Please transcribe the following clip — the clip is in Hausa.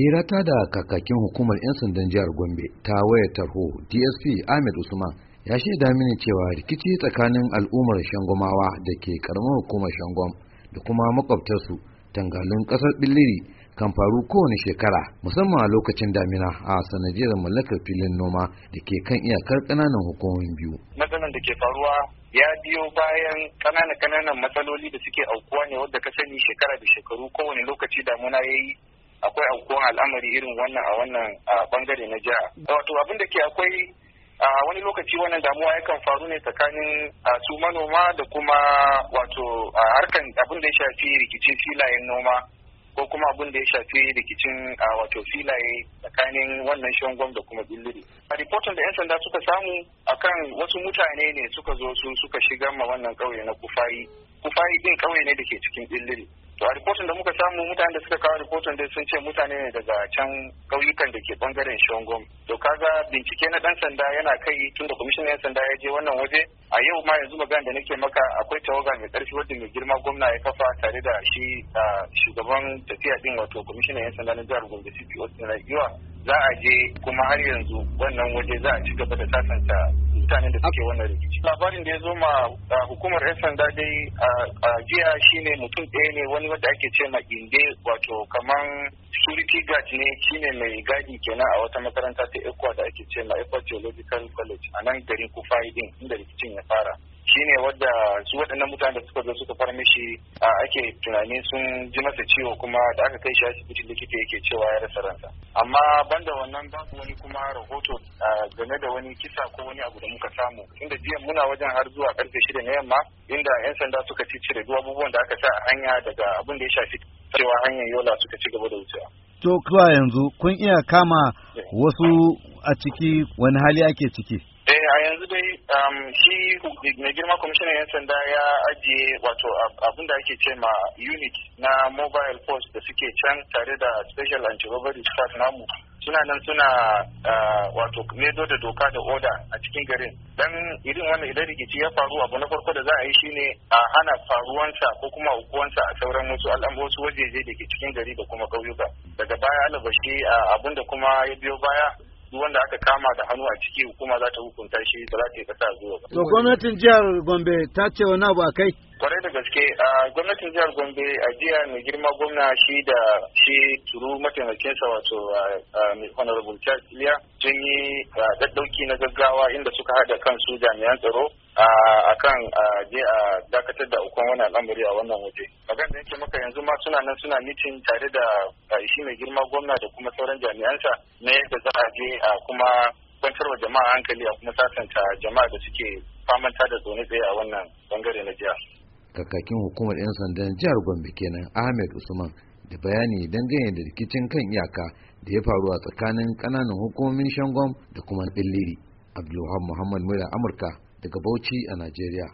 hira ta da kakakin hukumar 'yan sandan jihar gombe ta waye tarho dsp ahmed usman ya shaida mini cewa rikici tsakanin al'ummar shangomawa da ke karamar hukumar shangom da kuma makwabtarsu tangalin kasar billiri kan faru kowane shekara musamman a lokacin damina a sanadiyar mallakar filin noma da ke kan iyakar kananan hukumomin biyu. Matsalan da ke faruwa ya biyo bayan kananan kananan matsaloli da suke aukuwa ne wadda ka sani shekara da shekaru kowane lokaci damuna ya yi akwai aukuwan al'amari irin wannan a wannan bangare na jiha wato abin da ke akwai a wani lokaci wannan damuwa yakan faru ne tsakanin su manoma da kuma wato harkan abin da ya shafi rikicin filayen noma ko kuma abin da ya shafi rikicin wato filaye tsakanin wannan shangon da kuma billiri. A ripotin da 'yan sanda suka samu akan wasu mutane ne suka zo su suka shigar ma wannan kauye na kufayi. Kufayi ɗin kauye ne da ke cikin billiri. to a rikotin da muka samu mutane da suka kawo ripotin dai sun ce mutane ne daga can ƙauyukan da ke bangaren shongom to kaga bincike na dan sanda yana kai tun da kwamishinan yan sanda ya je wannan waje a yau ma yanzu magana da nake maka akwai tawaga mai ƙarfi wadda mai girma gwamna ya kafa tare da shi ah, shugaban tafiya din wato kwamishinan yan sanda na jihar gombe cpo na yiwa za a je kuma har yanzu wannan waje za a ci gaba da sasanta mutanen da suke wannan rikici labarin da ya zo ma hukumar yan sanda dai a jiya shine mutum ɗaya ne wani wanda ake ce ma inde wato kaman security guard ne shine mai gadi kenan a wata makaranta ta ekwa da ake ce ma ekwa Geological college a nan garin kufa din inda rikicin ya fara shine wadda su waɗannan mutane da suka zo suka fara mishi ake tunanin sun ji masa ciwo kuma da aka kai shi asibiti likita yake cewa ya rasa ransa amma banda wannan babu wani kuma rahoto game da wani kisa ko wani abu da muka samu Tunda jiya muna wajen har zuwa karfe shida na yamma inda yan sanda suka ci cire duk abubuwan da aka sa a hanya daga abin da ya shafi cewa hanyar yola suka ci gaba da wucewa. to kuwa yanzu kun iya kama eh. wasu a ciki wani hali ake ciki. a yanzu dai um, shi mai girma kwamishinan 'yan sanda ya ajiye wato abinda ake ce ma unit na mobile force da suke can tare da special anti-robbery squad namu suna nan suna uh, wato nedo da doka da oda a cikin garin dan irin wannan idan rikici ya faru abu na farko da za a yi shine a hana faruwansa ko kuma hukuwansa a sauran wasu al'amuransu wajeje da ke cikin gari da kuma ƙauyuka daga baya alabashi uh, abin da kuma ya biyo baya duk wanda aka kama da hannu a ciki hukuma za ta hukunta shi ba za ta yi kasa zuwa ba. To gwamnatin jihar Gombe ta ce wani abu a kai? Kwarai da gaske a gwamnatin jihar Gombe a jiya mai girma gwamna shi da shi turu mataimakinsa wato honorable Charles Iliya sun yi ɗaɗɗauki na gaggawa inda suka haɗa kansu jami'an tsaro a wani al'amari a wannan waje magan da yake maka yanzu ma suna nan suna mitin tare da ishi mai girma gwamna da kuma sauran jami'ansa na yadda za a je a kuma kwantar wa jama'a hankali a kuma sasanta jama'a da suke famanta da zaune tsaye a wannan bangare na jihar kakakin hukumar 'yan sandan jihar gombe kenan ahmed usman da bayani dangane da rikicin kan iyaka da ya faru a tsakanin kananan hukumomin shangon da kuma liri abdulhamid muhammad mura amurka daga bauchi a nigeria.